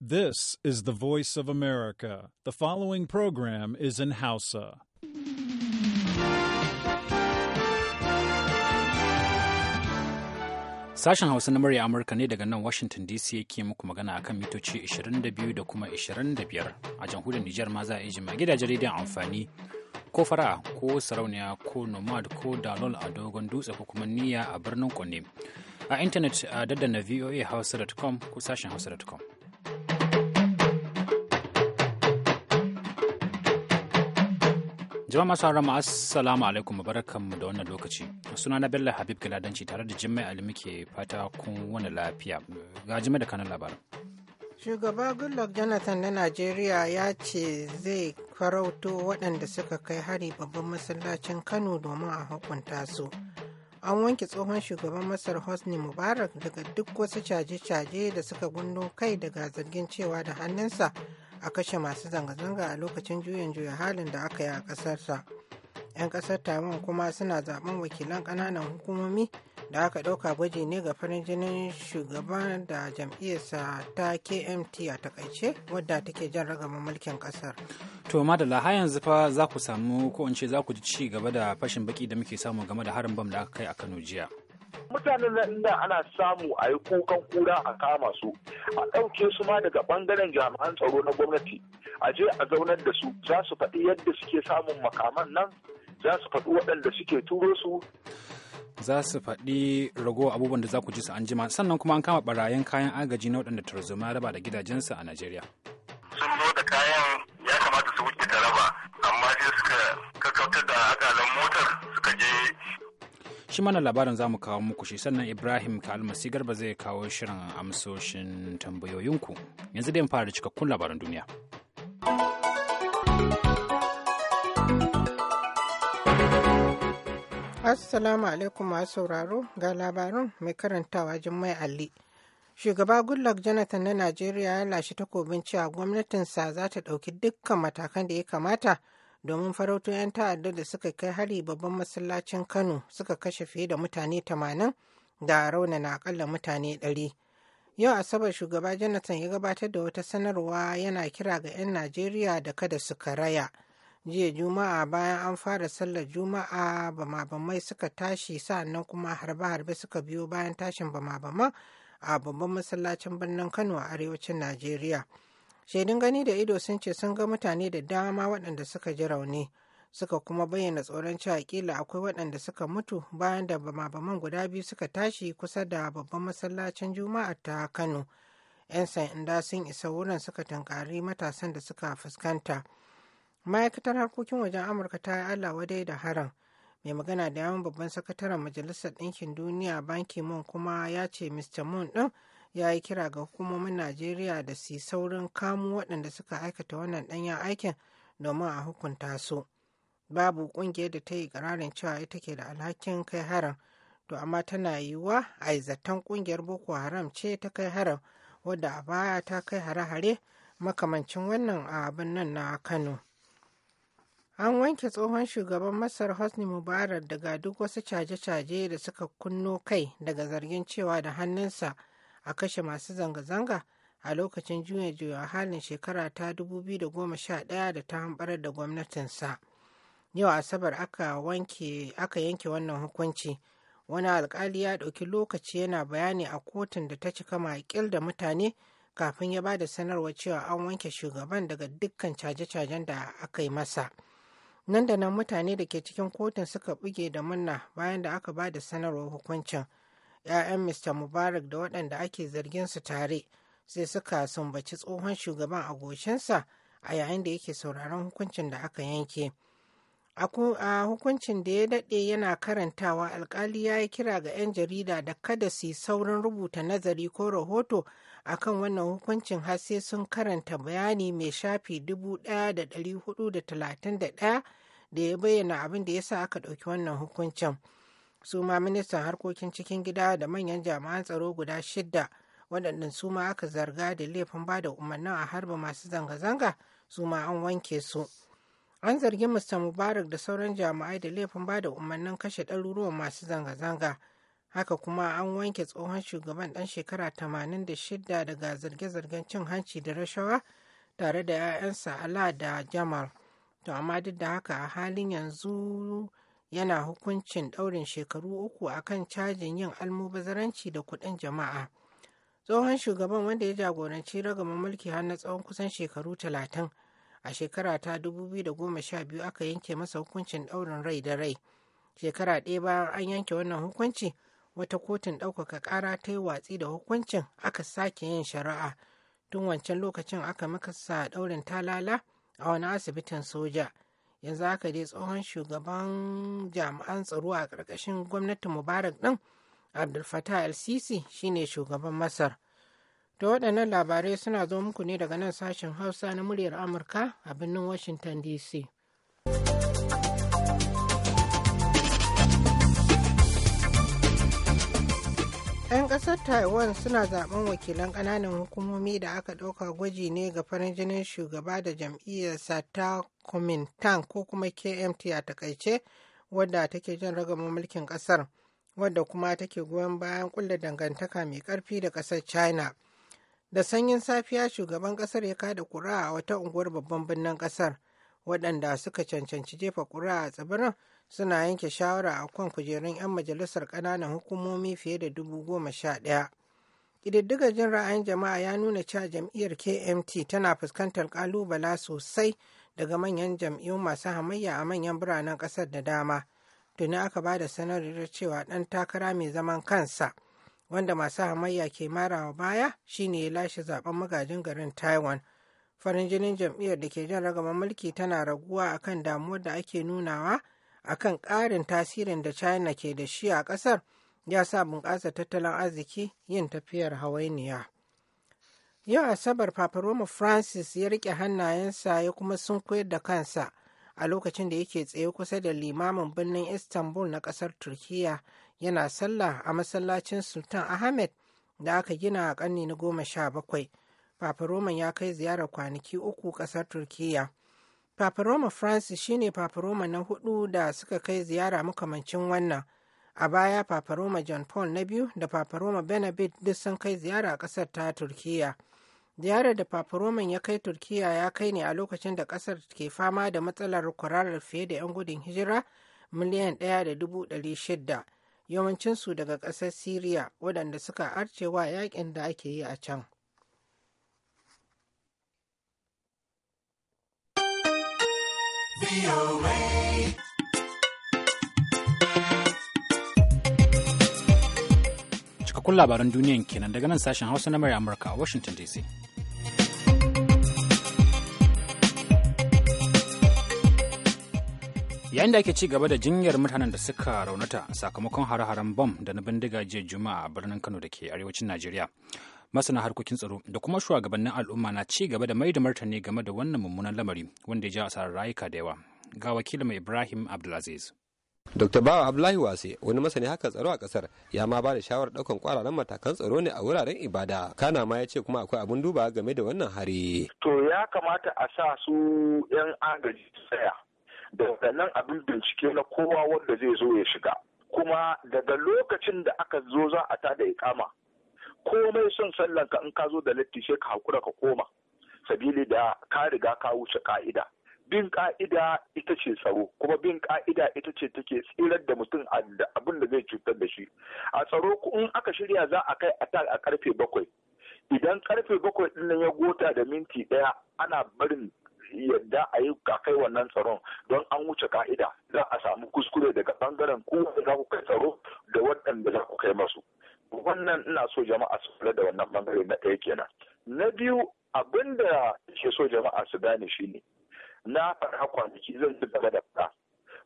This is the voice of America. The following program is in Hausa. Sashen Hausa na murya Amurka ne daga nan Washington DC yake muku magana akan mitoci 22 da kuma 25 a jamhuriyar Nijar ma za a iji gidajen rediyon amfani ko fara ko sarauniya ko nomad ko dalol a dogon dutse ko kuma niyya a birnin Kone. A intanet a daddana voahausa.com ko sashen hausa.com. Jama'a masu haramu assalamu alaikum mu da wannan lokaci. Suna na Bello Habib Galadanci tare da Jimmai Ali muke fata kun wani lafiya. Ga Jimmai da kanan labaran. Shugaba Goodluck Jonathan na Najeriya ya ce zai farauto waɗanda suka kai hari babban masallacin Kano domin a hukunta su. An wanke tsohon shugaban Masar Hosni Mubarak daga duk wasu caje-caje da suka gundo kai daga zargin cewa da hannunsa a kashe masu zanga-zanga a lokacin juyin juya halin da aka yi a ƙasarsa. 'Yan ƙasar Taiwan kuma suna zaben wakilan ƙananan hukumomi da aka ɗauka gwaji ne ga farin jinin shugaban da jam'iyyarsa ta kmt a takaice wadda take jan ragaman mulkin ƙasar to madala har yanzu fa za ku samu ko in ce za ku ci gaba da fashin baki da muke samu game da harin bam da aka kai a kano jiya mutanen nan inda ana samu a yi kukan kura a kama su a ɗauke su ma daga ɓangaren jami'an tsaro na gwamnati a je a zaunar da su za su faɗi yadda suke samun makaman nan za su faɗi waɗanda suke turo su za su faɗi rago abubuwan da za ku ji su an jima sannan kuma an kama barayen kayan agaji na waɗanda tarzoma raba da gidajensu a najeriya sun zo da kayan ya kamata su wuce ta raba amma sai suka kakkautar da akalan motar ci mana labarin za kawo muku shi sannan Ibrahim Kalmasi Garba zai kawo shirin amsoshin tambayoyinku. Yanzu dai mu fara cikakkun labaran duniya. Assalamu alaikum masu sauraro ga labarin mai karantawa Jummai alli Shugaba Goodluck Jonathan na Najeriya ya lashe takobin cewa gwamnatinsa za ta dauki dukkan matakan da ya kamata domin farauto 'yan ta'adda da suka kai hari babban masallacin kano suka kashe fiye da mutane 80 da rauna na akalla mutane 100 yau asabar shugaba jonathan ya gabatar da wata sanarwa yana kira ga 'yan najeriya da kada su karaya jiya juma'a bayan an fara sallar juma'a bama-bamai suka tashi sa'annan kuma harbe-harbe suka biyo bayan tashin bama-bama a babban masallacin birnin kano a arewacin najeriya shaidun gani da ido sun ce sun ga mutane da dama waɗanda suka ji rauni suka kuma bayyana tsoron cewa kila akwai waɗanda suka mutu bayan da bama-baman guda biyu suka tashi kusa da babban masallacin juma'a ta kano 'yan sanda sun isa wurin suka tankari matasan da suka fuskanta ma'aikatar harkokin wajen amurka ta yi allah wadai da haran mai magana da yawan babban sakataren majalisar ɗinkin duniya banki moon kuma ya ce mr moon ɗin ya yi kira ga hukumomin najeriya da su saurin kamo waɗanda suka aikata wannan ɗanyen aikin domin a hukunta su babu ƙungiyar da ta yi ƙararin cewa ita ke da alhakin kai haram to amma tana yiwuwa a zaton ƙungiyar boko haram ce ta kai haram wadda a baya ta kai hare-hare makamancin wannan abin nan na kano an wanke tsohon shugaban masar hosni mubarak daga duk wasu caje-caje da suka kunno kai daga zargin cewa da hannunsa a kashe masu zanga-zanga a lokacin juya juya halin shekara ta 2011 da ta hambarar da gwamnatinsa yau asabar aka yanke wannan hukunci wani alkali ya ɗauki lokaci yana bayani a kotun da ta cika makil da mutane kafin ya ba da sanarwa cewa an wanke shugaban daga dukkan caje-cajen da aka yi masa nan da nan mutane da ke cikin kotun suka buge da munna bayan da aka ba da sanarwar hukuncin 'ya'yan mr mubarak da waɗanda ake zargin su tare sai suka sumbaci tsohon shugaban a goshinsa a yayin da yake sauraron hukuncin da aka yanke a hukuncin da ya daɗe yana karantawa alkali ya yi kira ga 'yan jarida da kada su yi saurin rubuta nazari ko rahoto akan wannan hukuncin har sai sun karanta bayani mai shafi 1431 da ya bayyana abin da ya sa aka ɗauki wannan hukuncin. su ma ministan harkokin cikin gida da manyan jami'an tsaro guda shidda waɗannan su ma aka zarga da laifin ba da umarnin a harba masu zanga-zanga su ma an wanke su an zargi mista mubarak da sauran jami'ai da laifin ba da umarnin kashe ɗaruruwan masu zanga-zanga haka kuma an wanke tsohon shugaban ɗan shekara tamanin da 86 daga zarge-zargen cin hanci da rashawa tare da 'ya'yansa ala da jamal to amma duk da haka a halin yanzu yana hukuncin ɗaurin shekaru uku a kan cajin yin almubazaranci da kuɗin jama'a. Tsohon shugaban wanda ya jagoranci ragama mulki har na tsawon kusan shekaru talatin a shekara ta biyu aka yanke masa hukuncin ɗaurin rai da rai. Shekara ɗaya bayan an yanke wannan hukunci wata kotun ɗaukaka ƙara ta yi watsi da hukuncin aka sake yin shari'a. Tun wancan lokacin aka makasa ɗaurin talala a wani asibitin soja. yanzu haka dai tsohon shugaban jami'an tsaro a ƙarƙashin gwamnatin mubarak ɗin abdul fatah sisi shine shugaban masar to waɗannan labarai suna zo muku ne daga nan sashen hausa na muryar amurka a birnin washington dc yan ƙasar taiwan suna zaɓen wakilan ƙananan hukumomi da aka ɗauka gwaji ne ga farin jinin shugaba da jam'iyyarsa ta Kuomintang ko kuma kmt a takaice wadda take jin ragamin mulkin kasar wadda kuma take goyon bayan kulla dangantaka mai karfi da kasar china da sanyin safiya shugaban kasar ya kada kura a wata unguwar babban birnin kasar waɗanda suka cancanci jefa kura a tsibirin suna yanke shawara a kan kujerun 'yan majalisar ƙananan hukumomi fiye da dubu goma sha ɗaya ƙididdigar jin ra'ayin jama'a ya nuna cewa jam'iyyar kmt tana fuskantar ƙalubala sosai daga manyan jam'iyyun masu hamayya a manyan biranen ƙasar da dama tuni aka ba da sanarwar cewa ɗan takara mai zaman kansa wanda masu hamayya ke marawa baya shine ya lashe zaben magajin garin taiwan farin jinin jam'iyyar da ke jan ragaman mulki tana raguwa akan damuwar da ake nunawa akan ƙarin tasirin da china ke da shi a ƙasar ya sa bunƙasa tattalin arziki yin tafiyar hawainiya. Yau Asabar Papa Roma Francis ya rike hannayensa ya kuma sun koyar da kansa a lokacin da yake tsaye kusa da limamin birnin Istanbul na kasar Turkiyya yana sallah a masallacin Sultan Ahmed da aka gina a ƙarni na goma sha bakwai. Papa Roman ya kai ziyarar kwanaki uku ƙasar Turkiyya. Papa Roma Francis shine Papa Roma na hudu da suka kai ziyara makamancin wannan. A baya Papa Roma John Paul na biyu da Papa Roma Benedict duk sun kai ziyara a ƙasar ta Turkiyya. ziyarar da papa roman ya kai turkiya ya kai ne a lokacin da kasar ke fama da matsalar kwararar fiye da 'yan gudun hijira miliyan 1.600 yawancinsu daga ƙasar syria waɗanda suka arcewa yakin da ake yi a can cikakkun labaran duniyan kenan daga nan sashen hausa na murya amurka a washington dc yayin da ake ci gaba da jinyar mutanen da suka raunata sakamakon hare-haren bom da na bindiga jiya juma'a a birnin kano da ke arewacin najeriya masana harkokin tsaro da kuma shugabannin al'umma na ci gaba da mai da martani game da wannan mummunan lamari wanda ya ja asarar rayuka da yawa ga wakilin ibrahim abdulaziz Dr. Bawa Abdullahi Wase wani masani haka tsaro a kasar ya ma ba da shawarar daukan kwararan matakan tsaro ne a wuraren ibada. Kana ma ya ce kuma akwai abun duba game da wannan hari. To ya kamata a sa su 'yan agaji tsaya. da nan abin bincike na kowa wanda zai zo ya shiga. Kuma daga lokacin da aka zo za a tada ikama. Komai son sallanka in ka zo da latti sai ka hakura ka koma. Sabili da ka riga ka wuce ka'ida. bin ka'ida ita ce tsaro kuma bin ka'ida ita ce take tsirar da mutum abin da zai cutar da shi a tsaro in aka shirya za a kai attack a karfe bakwai idan karfe bakwai din ya gota da minti daya ana barin yadda a yi kakai wannan tsaron don an wuce ka'ida za a samu kuskure daga bangaren ku za ku kai tsaro da waɗanda za ku kai masu wannan ina so jama'a su kula da wannan bangare na ɗaya kenan na biyu abin da ke so jama'a su gane shine na faɗa kwanaki zan ci gaba da faɗa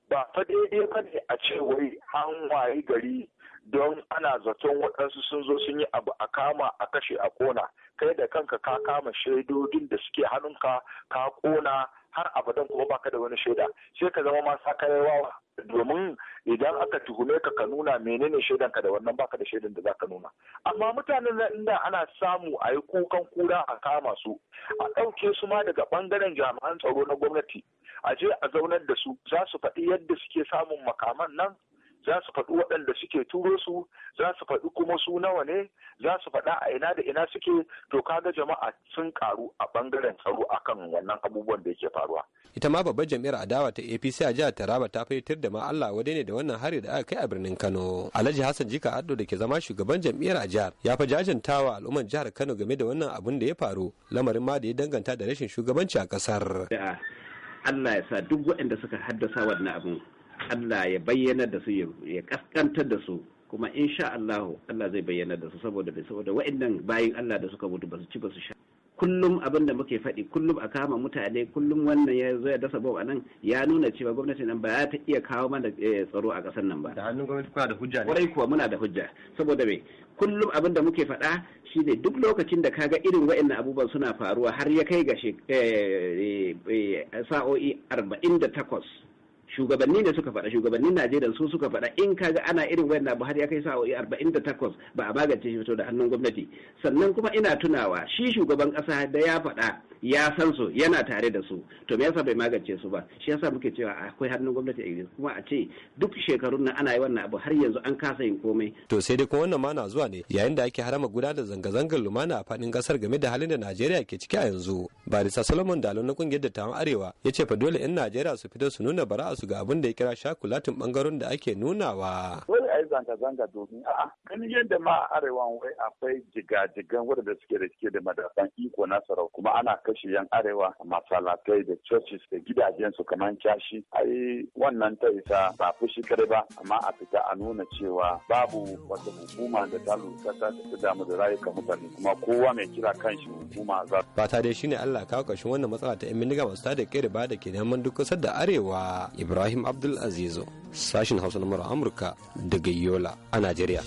ba fa daidai ba ne a ce wai an wayi gari don ana zaton waɗansu sun zo sun yi abu a kama a kashe a kona kai da kanka ka kama shaidodin da suke hannunka ka kona har abadan kuma baka da wani shaida sai ka zama ma sakarewa domin idan aka tuhume ka ka nuna menene shaidanka da wannan baka da shaidan da zaka nuna amma mutanen nan inda ana samu a yi kukan kura a kama su a ɗauke su ma daga ɓangaren jami'an tsaro na gwamnati a je a zaunar da su za su faɗi yadda suke samun makaman nan za su faɗi waɗanda suke turo su za su faɗi kuma su nawa ne za su faɗa a ina da ina suke to kaga jama'a sun karu a ɓangaren tsaro akan wannan abubuwan da yake faruwa. ita ma babbar jam'iyyar adawa ta apc a jihar taraba ta fahimtar da ma allah wadai ne da wannan hari da aka kai a birnin kano alhaji hassan jika addo da ke zama shugaban jam'iyyar a jihar ya fa jajantawa al'umman jihar kano game da wannan abun da ya faru lamarin ma da ya danganta da rashin shugabanci a kasar. allah ya sa duk waɗanda suka haddasa wannan abun Allah ya bayyana da su ya kaskantar da su kuma insha Allah Allah zai bayyana da su saboda bai saboda wa'annan bayin Allah da suka mutu ba su ci ba su sha kullum abin da muke faɗi kullum a kama mutane kullum wannan ya zo ya dasa bau anan ya nuna cewa gwamnati nan ba ta iya kawo mana eh, tsaro a kasar nan ba da hannun gwamnati kuna da hujja ne kuwa muna da hujja saboda me kullum abin da muke faɗa shine duk lokacin da kaga irin wa'annan abubuwan suna faruwa har ya kai ga eh, eh, sa'o'i arba'in da takwas shugabanni ne suka faɗa shugabannin Najeriya su suka faɗa in kaga ana irin wayan na har ya kai da 48 ba a magance shi fito da hannun gwamnati sannan kuma ina tunawa shi shugaban ƙasa da ya faɗa ya san su yana tare da su to me yasa bai magance su ba shi yasa muke cewa akwai hannun gwamnati a kuma a ce duk shekarun nan ana yi wannan abu har yanzu an kasa yin komai to sai dai kuma wannan ma na zuwa ne yayin da ake harama guda da zanga-zangar lumana a faɗin kasar game da halin da Najeriya ke ciki a yanzu barisa Solomon Dalo na kungiyar dattawan Arewa ya ce fa dole 'yan Najeriya su fito su nuna bara'a su ga abin da ya kira shakulatin bangaren da ake nunawa a yi zanga-zanga domin a ganin yadda ma a arewa wai akwai jigajigan wadanda suke da suke da madafan iko na sarau kuma ana kashe yan arewa masalatai da churches da gidajensu kamar cashi ai wannan ta isa ba fushi kare ba amma a fita a nuna cewa babu wata hukuma da ta lura ta damu da rayukan mutane kuma kowa mai kira kan shi hukuma za. fata dai shine Allah kawo ƙarshen wannan matsala ta 'yan bindiga masu tada kai da ba da ke neman duk kusa da arewa Ibrahim Abdul Azizu sashin Hausa na Amurka daga yola a najeriya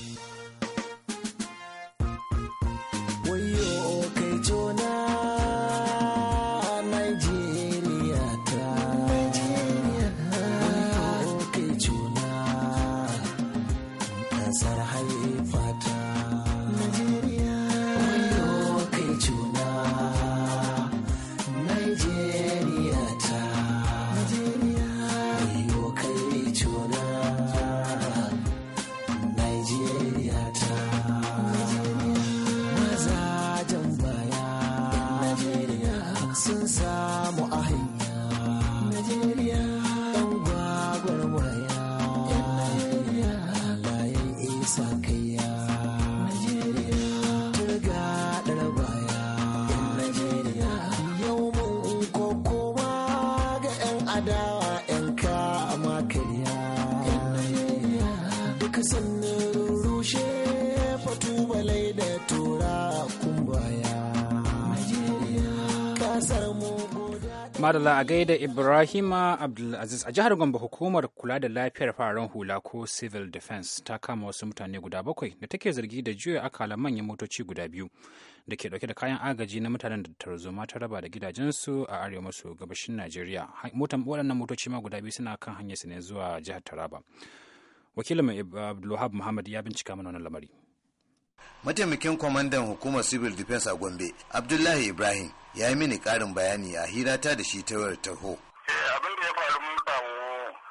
madala a gaida Ibrahima Abdulaziz a jihar Gombe hukumar kula da lafiyar fararen hula ko civil defense ta kama wasu mutane guda bakwai da take zargi da juya akala manyan motoci guda biyu da ke dauke da kayan agaji na mutanen da tarzoma ta raba da gidajensu a arewa maso gabashin Najeriya. Motan waɗannan motoci ma guda biyu suna kan hanyar su ne zuwa jihar Taraba. Wakilin Abdulwahab Muhammad ya bincika mana wannan lamari. mataimakin kwamandan hukumar civil defense a gombe abdullahi ibrahim ya yi mini karin bayani a hirata da shi ta wayar taho eh, abin da ya faru mun samu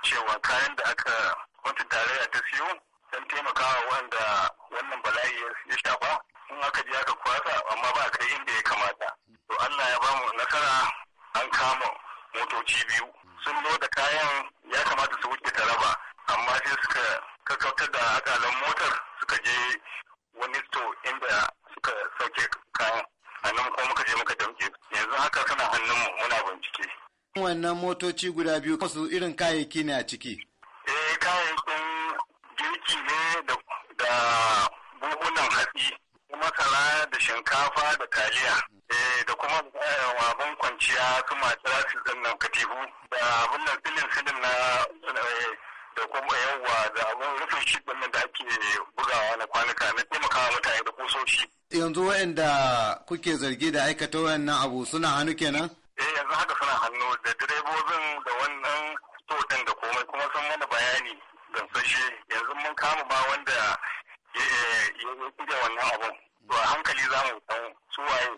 cewa kayan da aka wata tarayya ta siyo don taimakawa wanda wannan bala'i ya shafa in aka je aka kwasa amma ba kai inda ya kamata to allah ya bamu nasara an kama motoci biyu sun loda kayan ya kamata su wuce raba amma sai suka kakkautar da akalan motar suka je wani to inda suka sauke kayan Hannun kuma muka je muka damke yanzu haka suna mu, muna bincike. wannan motoci guda biyu kasu irin kayayyaki ne a ciki. eh kayayyakin girki ne da buhunan hatsi masara da shinkafa da taliya eh, da kuma eh, abin kwanciya su masu rasu nan katihu. da abin nan filin filin na eh, da kuma yawa da abun rufe shi ɗin da ake bugawa na kwanuka na taimakawa mutane da kusoshi. Yanzu waɗanda kuke zargi da aikata wannan abu suna hannu kenan? Eh yanzu haka suna hannu da direbobin da wannan to da komai kuma sun mana bayani gamsashe yanzu mun kama ba wanda ya kuje wannan abun. To a hankali za mu san su waye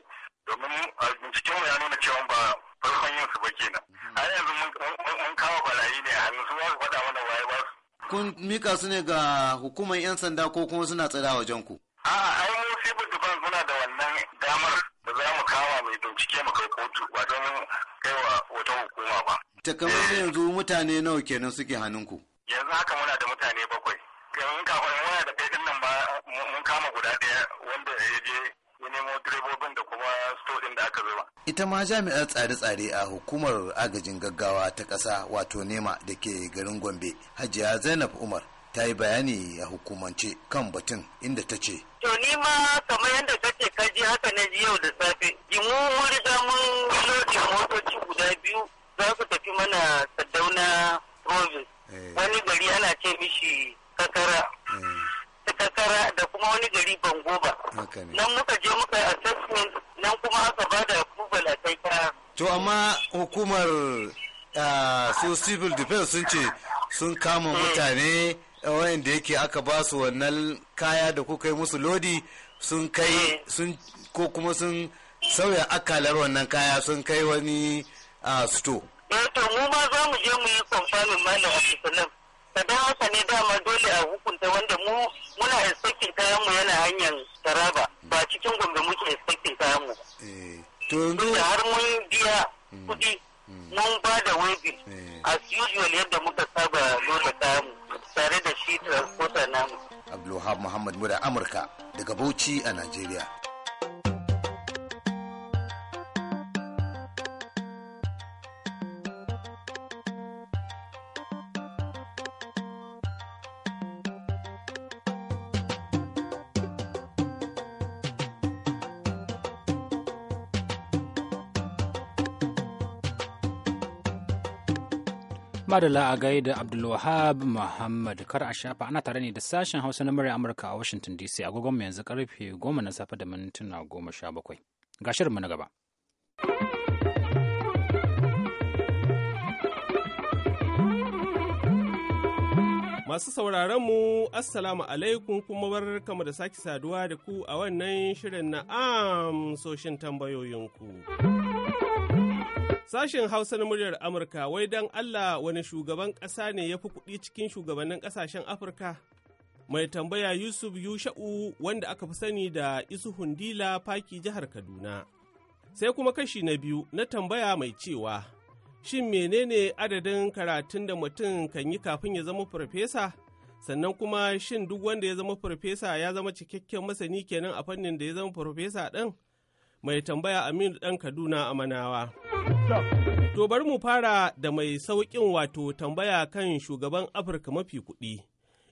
domin binciken mu ya nuna cewa ba farkon yin su ba kenan mhm. a yanzu mun kawo barayi ne a hannu su ba su faɗa mana waye ba su. kun mika su ne ga hukumar yan sanda ko kuma suna tsada wajen ku. a'a ai mu da ban muna da wannan damar da za mu kawo mai bincike mu kai kotu ba don wa wata hukuma ba. takamaimai eh. yanzu mutane nawa kenan suke hannunku. yanzu haka muna da mutane bakwai yanzu kafin muna da kai nan ba mun kama guda ɗaya wanda ya je ya nemo direbobin da kuma stodin da aka zuba. Ita ma jami'ar tsare-tsare a hukumar agajin gaggawa ta ƙasa wato nema da ke garin Gombe, Hajiya Zainab Umar ta yi bayani a hukumance kan batun inda ta ce. To ni kamar yadda kake kaji haka na ji yau da safe, jimu mun riga mun lodin motoci guda biyu za su tafi mana Saddauna province. Eh. Wani gari ana ce mishi kakara. Eh. takara da kuma wani gari bango ba nan muka je muka assessment nan kuma aka ba da approval a kai ta. to amma hukumar ah, su civil defense sun ce sun kama hmm. mutane eh, da yake aka ba su wannan kaya da kuka yi musu lodi sun kai hmm. sun ko kuma sun sauya akalar wannan kaya sun kai wani a ah, sto. Eh, to mu ma za mu je mu yi kwamfanin malam a nan. da don haka ne dama dole a hukunta wanda mu muna inspecting kayan mu yana hanyar taraba ba cikin gombe muke inspecting kayan mu eh, to yanzu har mun biya hmm, kudi hmm. mun ba da wabi eh. as usual yadda muka saba loda kayan mu tare da shi transporter namu Abdulwahab Muhammad Mura Amurka daga Bauchi a Najeriya. Madala a gaida Abdulwahab Muhammad kar a shafa ana tare ne da sashen Hausa na murya Amurka a Washington DC agogon mu yanzu karfe goma na safe da mintuna goma sha bakwai. Ga shirinmu na gaba. Masu sauraron mu Assalamu alaikum kuma barkamu da sake saduwa da ku a wannan shirin na amsoshin tambayoyinku. Sashen Hausa na muryar Amurka wai don Allah wani shugaban ƙasa ne ya fi kuɗi cikin shugabannin ƙasashen Afirka? Mai tambaya Yusuf Yusha'u wanda aka fi sani da Isu Hundila Faki jihar Kaduna. Sai kuma kashi na biyu na tambaya mai cewa, Shin menene adadin karatun da mutum kan yi kafin ya zama farfesa? Sannan kuma shin duk wanda ya zama farfesa ya zama cikakken masani kenan a fannin da ya zama farfesa ɗin? mai tambaya Aminu ɗan Kaduna a Manawa. To bari mu fara da mai sauƙin wato tambaya kan shugaban Afirka mafi kuɗi.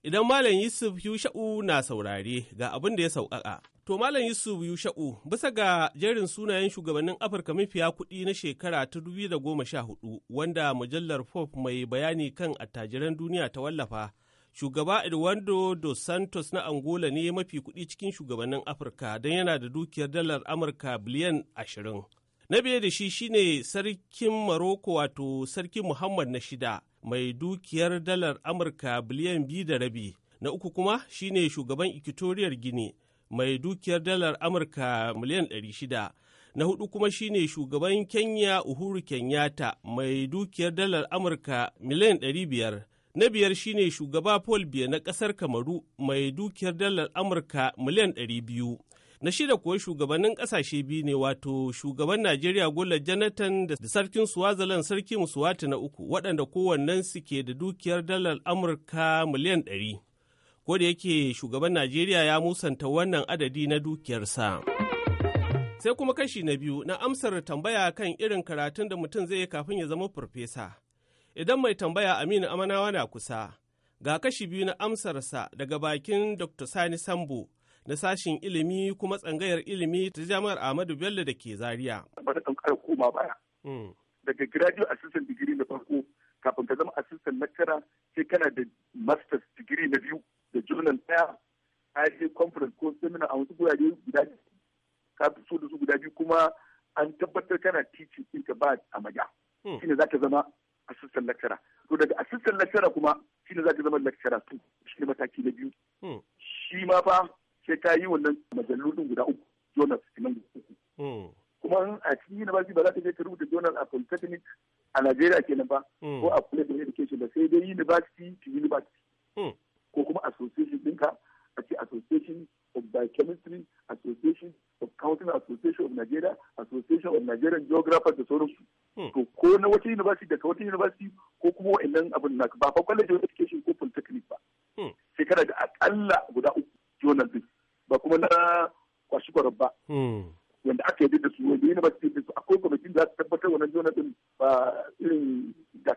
Idan Malam Yusuf Yusha'u na saurare ga abin da ya sauƙaƙa. To Malam Yusuf Yusha'u bisa ga jerin sunayen shugabannin Afirka mafiya kuɗi na shekara ta da goma sha hudu wanda mujallar fof mai bayani kan attajiran duniya ta wallafa. shugaba Eduardo dos Santos na Angola ne mafi kuɗi cikin shugabannin Afirka don yana da dukiyar dalar Amurka biliyan ashirin. Na biye da shi shine sarkin Maroko wato sarkin Muhammad na shida mai dukiyar dalar Amurka biliyan biyu da rabi. Na uku kuma shine shugaban Ikitoriyar Gini mai dukiyar dalar Amurka miliyan ɗari shida. Na hudu kuma shine shugaban Kenya Uhuru Kenyatta mai dukiyar dalar Amurka miliyan ɗari biyar. Na biyar shine shugaba Paul Biya na ƙasar Kamaru mai dukiyar dalar Amurka miliyan 200. Na shida kuwa shugabannin ƙasashe biyu ne wato shugaban Najeriya Gola Jonathan da sarkin Swaziland sarki Musuwati na uku waɗanda kowannensu ke da dukiyar dalar Amurka miliyan 100. Ko da yake shugaban Najeriya ya musanta wannan adadi na dukiyarsa. Sai kuma kashi na biyu na amsar tambaya kan irin karatun da mutum zai kafin ya zama farfesa. Idan mai tambaya Aminu Amanawa na kusa, ga kashi biyu na amsarsa daga bakin Dr. Sani Sambo na sashin ilimi kuma tsangayar ilimi ta jami'ar Ahmadu Bello da ke Zaria. Hmm. Daga graduate assistant degree na farko kafin ka zama assistant lecturer sai kana da master's degree na biyu da journal daya a je conference ko seminar a wasu gurare guda ka fi so da su guda biyu kuma an tabbatar kana teaching ɗinka ba a maja. Hmm. Shine za ka zama assistant lecturer to daga assistant lecturer kuma shine za zama lecturer to shine mataki na biyu hmm. shi ma fa sai ka yi wannan majallu din guda uku journal nan uku hmm. kuma a cikin university ba za ta je ta rubuta journal a polytechnic a Najeriya kenan ba hmm. ko a college of education ba sai dai university to university ko kuma association dinka a ce association of biochemistry association of counting association of Nigeria association of Nigerian geographers da sauransu na wata university daga wata university ko kuma wa'annan abin na ba fa college of education ko polytechnic ba hmm. shekara da akalla guda uku journal din ba kuma na kwashi ba hmm. wanda aka yi da su wanda university din su akwai kwamitin da za su tabbatar wannan journal din ba irin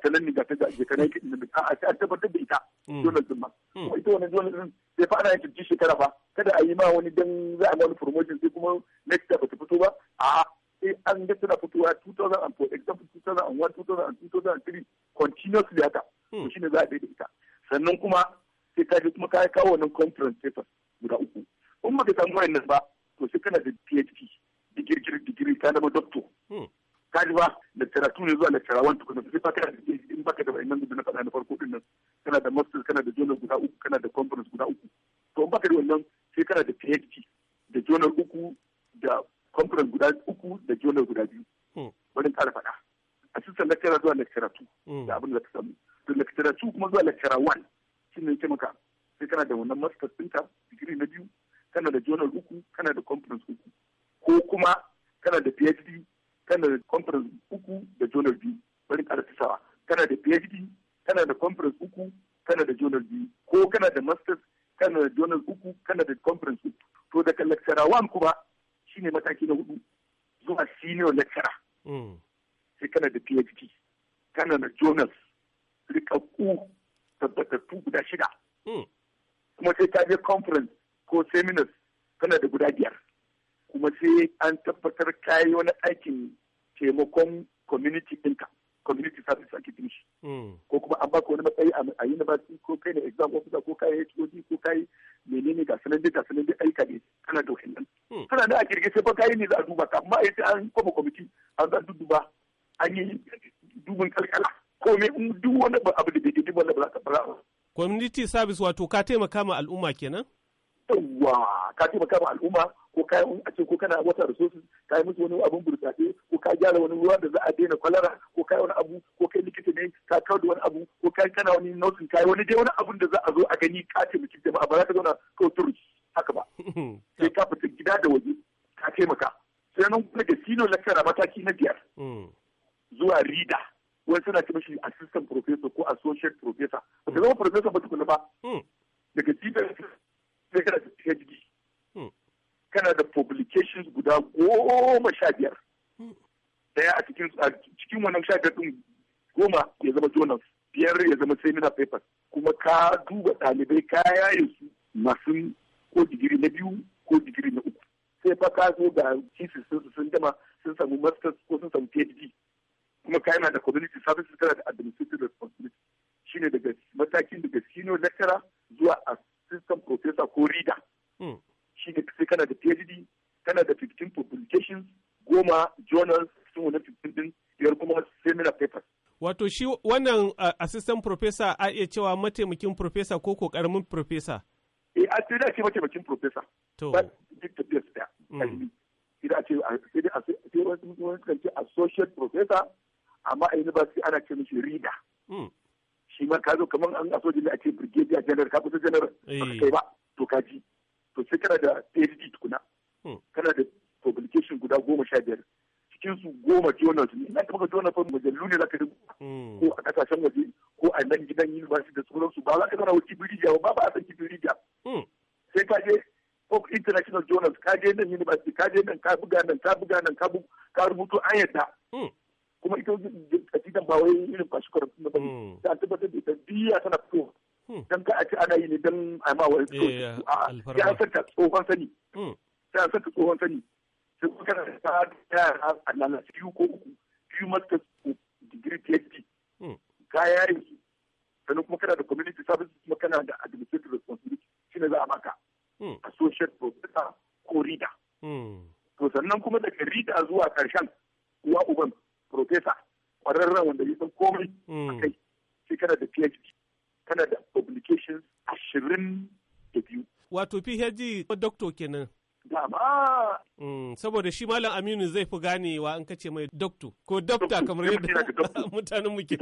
nan ne gata gatanan ke da a ta an tabbatar da ita hmm. journal din ma ita wannan journal din sai fa ana yin tunci shekara fa kada a yi ma wani dan za a wani promotion sai kuma next ba ta fito ba a sai an ga tana fitowa 2004 example 2001 2003 continuously haka to shine za a ita sannan kuma sai ka je kuma ka kawo wannan conference paper guda uku in ba ka samu wannan ba to sai kana da PhD digiri digiri ka zama doctor ka ji ba literature ne zuwa lecturer one tukuna sai ka kana da in baka da wannan gudu na faɗa na farko din nan kana da master kana da journal guda uku kana da conference guda uku to in baka da wannan sai kana da PhD da journal uku da conference guda uku da journal guda biyu. Wani ƙara faɗa. assistant lecturer zuwa lecturer 2 da abin da ka samu to lecturer 2 kuma zuwa lecturer 1 shi ne yake maka sai kana da wannan master ɗinka digiri na biyu kana da journal uku kana da conference uku ko kuma kana da phd kana da conference uku da journal biyu bari ƙara tisawa kana da phd kana da conference uku kana da journal biyu ko kana da masters kana da journal uku kana da conference uku to daga lecturer one kuma shine mataki na hudu zuwa senior lecturer sai kana da phd kana da Jonas rikakku tabbatattu guda shida hmm. kuma sai ta je conference ko seminars kana da guda biyar kuma sai an tabbatar ka yi wani aikin taimakon community ɗinka community service ake bin shi hmm. ko kuma an baka wani matsayi a university ko kai ne exam officer ko kai HOD ko kai menene ga sanan dai ga sanan dai aika ne kana da wannan hmm. kana da a kirge ba fa kai ne za a duba ka amma sai an kuma committee an za dudduba. an yi dubin kalkala komai in duk wani abu da bai daidai wanda ba za ka fara community service wato ka taimaka ma al'umma kenan yawa ka taimaka ma al'umma ko ka a ce ko kana wata resources ka yi musu wani abun burtsatse ko ka gyara wani ruwa da za a daina kwalara ko ka yi wani abu ko kai likita ne ka kawo da wani abu ko ka kana wani nausin ka yi wani dai wani abun da za a zo a gani ka taimaki jama'a ba za ka zauna kawai turus haka ba sai ka fita gida da waje ka taimaka sai nan kuma da sino lakara mataki na biyar hmm. zuwa rida wani suna ce mashi assistant professor ko associate professor ba zama professor ba tukuna ba hmm. daga cibiyar sai kana da PhD hmm. kana da publications guda goma sha biyar hmm. daya a cikin cikin wannan sha biyar din goma ya zama journals biyar ya zama seminar papers kuma ka duba ɗalibai ka yaye su masu ko digiri na biyu ko digiri na uku sai fa ka zo ga thesis sun gama sun samu masters ko sun samu PhD kuma ka yana da community services kana da administrative responsibility shine daga matakin daga senior lecturer zuwa assistant professor ko reader hmm. shine sai kana da PhD kana da 15 publications goma journals sun wani 15 din biyar kuma seminar papers wato shi wannan uh, assistant professor a iya cewa mataimakin professor ko ko karamin professor eh a sai da ke mataimakin professor to ba duk tafiyar da hmm. sai a ce a ce a ce a ce associate professor amma a university ana ce mishi rida hmm. shi ma ka zo kamar an a soja a ce brigadier general ka kusa general ba eh. kai ba to ka ji to sai kana da phd tukuna hmm. kana da publication guda goma sha biyar cikin su goma journals ne na kuma journal fa mujallu ne zaka rubuta hmm. ko a kasashen waje ko a nan gidan university da su. ba za ka zara wa kibiriya ba ba a san kibiriya sai ka je ko international journals ka je nan university ka je nan ka buga nan ka buga nan ka rubuto an yadda kuma ita kasidan ba wai irin kwashi karatu na bane ta hmm. tabbatar da ita biya tana fito hmm. don ka a ci ana yi ne don a ma wai fito eh, a ya saka tsohon sani ya hmm. saka tsohon sani sai kuma kana da ta yara a lalace biyu ko uku biyu masta digiri phd ka yare su sannan kuma kana da community service kuma kana da administrative responsibility shine za a baka associate professor ko reader to sannan kuma daga reader zuwa karshen wato PhD doctor kenan. Dama. Mm, saboda shi Malam Aminu zai fi ganewa in kace mai doctor ko doctor kamar yadda mutanen muke.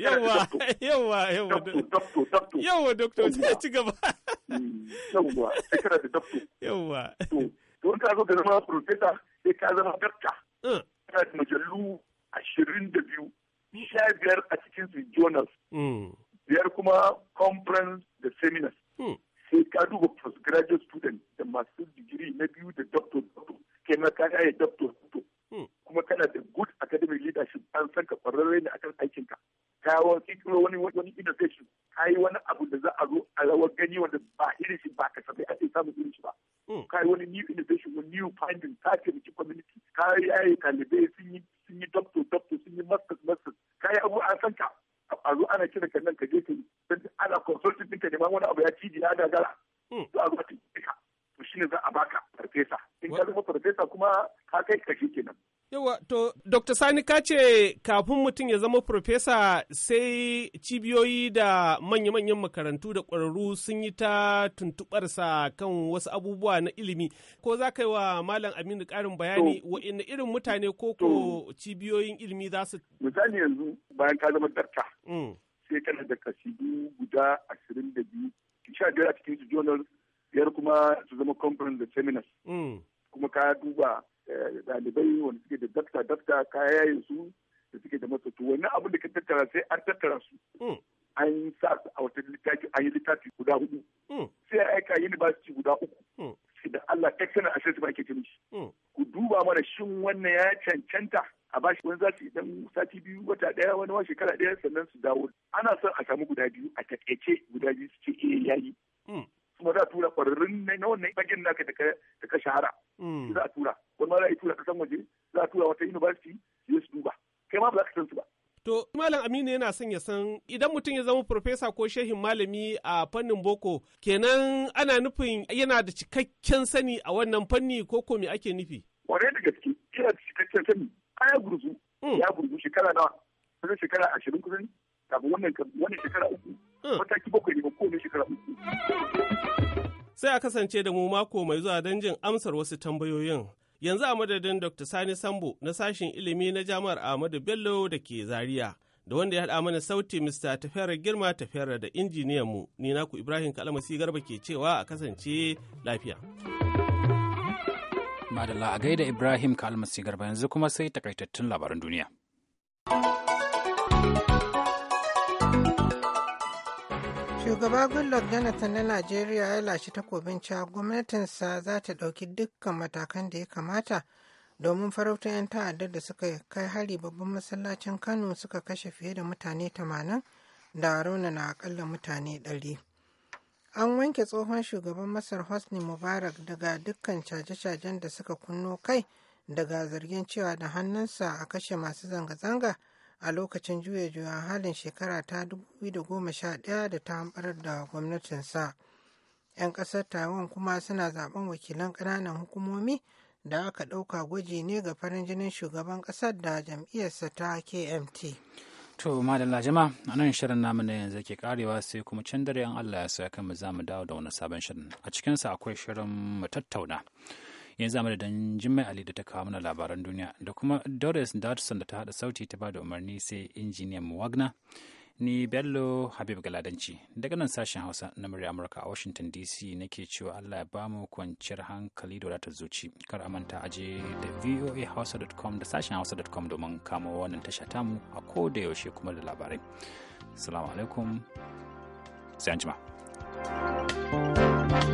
Yawa yawa yawa. Doctor doctor. Yawa doctor sai ci gaba. Yawa. Yawa. da yawa To ka zo ka zama professor sai ka zama kawo kikiro wani wani innovation kai wani abu da za a zo a rawar gani wanda ba irin shi ba a ake samun irin shi ba hmm. kai wani new innovation wani new finding ce taimaki community ka yayi talibai sun yi sun yi doctor doctor sun yi masters masters kai abu an san ka a zo ana kira ka nan ka je ka yi ana consulting ɗinka ma wani abu ya ciji ya gagara hmm. to a zo a taimake ka to ne za a baka farfesa in ka zama farfesa kuma ka kai ka Dr. Sani ka ce kafin mutum ya zama profesa sai cibiyoyi da manya-manyan makarantu da ƙwararru sun yi ta tuntuɓarsa kan wasu abubuwa na ilimi. Ko za ka yi wa Malam Aminu ƙarin bayani ina irin mutane ko ko cibiyoyin ilimi za su. Misali yanzu bayan ka zama darta. Mm. Sai kana da kasidu guda ashirin da biyu. Sha biyar a cikin su biyar kuma su zama conference da seminars. Mm. Kuma ka duba ɗalibai eh, wanda suke da dafta dafta kaya su da suke da matsatu wani abu da ka tattara sai an tattara su hmm. an sa su a wata littafi an yi littafi guda hudu hmm. sai a aika university guda uku hmm. da Allah sai ba ake ta shi ku duba mana shin wannan ya cancanta a bashi wani za su idan sati biyu wata daya wani wa shekara daya sannan su dawo ana son a samu guda biyu a takaice guda biyu su ce eh yayi kuma za a tura kwararrun na wannan bagin naka da ka shahara mm. za a tura wani ma za a tura kasan waje za a tura wata university su su duba kai ma ba za ka san su ba To, Malam Aminu yana son ya san idan mutum ya zama profesa ko shehin malami a fannin boko, kenan ana nufin yana da cikakken sani a wannan fanni ko ko me ake nufi? Wane da gaske, yana da cikakken sani, aya gurzu, ya gurzu mm. shekara nawa, kusan shekara ashirin kusan kafin wannan shekara uku hmm. mataki bakwai ne ba kowane shekara uku. Sai a kasance da mu mako mai zuwa don jin amsar wasu tambayoyin. Yanzu a madadin Dr. Sani Sambo na sashen ilimi na jami'ar Ahmadu Bello da ke Zariya, Da wanda ya haɗa mana sauti Mr. Tafera Girma tafiyar da injiniyan mu, ni naku Ibrahim Kalmasi Garba ke cewa a kasance lafiya. Madalla a gaida Ibrahim Kalmasi Garba yanzu kuma sai takaitattun labaran duniya. Shugaba Goodluck Jonathan na Najeriya ya lashe takobin cewa gwamnatinsa za ta ɗauki dukkan matakan da ya kamata domin farauta 'yan ta'addar da suka kai hari babban masallacin Kano suka kashe fiye da mutane 80 da raunana akalla mutane 100. An wanke tsohon shugaban Masar Hosni Mubarak daga dukkan caje-cajen da suka kunno kai daga zargin cewa da hannunsa a kashe masu zanga-zanga. a lokacin juya juya halin shekara ta 2011 da ta hamɓarar da gwamnatinsa. 'Yan ƙasar Taiwan kuma suna zaben wakilan ƙananan hukumomi da aka ɗauka gwaji ne ga farin jinin shugaban ƙasar da jam'iyyarsa ta KMT. To, madalla jama, a nan shirin namu na yanzu ke karewa sai kuma can dare an Allah ya sa kan mu za mu dawo da wani sabon shirin. A cikinsa akwai shirin mu tattauna. yanzu amma da jimai Ali da ta kawo mana labaran duniya da kuma Doris Dodson da ta hada sauti ta ba da umarni sai injiniyan Wagner ni Bello Habib Galadanci daga nan sashen Hausa na murya Amurka a Washington DC nake cewa Allah ya bamu kwanciyar hankali da wadatar zuci kar a manta aje da voa hausa.com da sashen hausa.com domin kamo wannan tasha tamu a ko da yaushe kuma da labarai. salamu alaikum sai an jima. thank you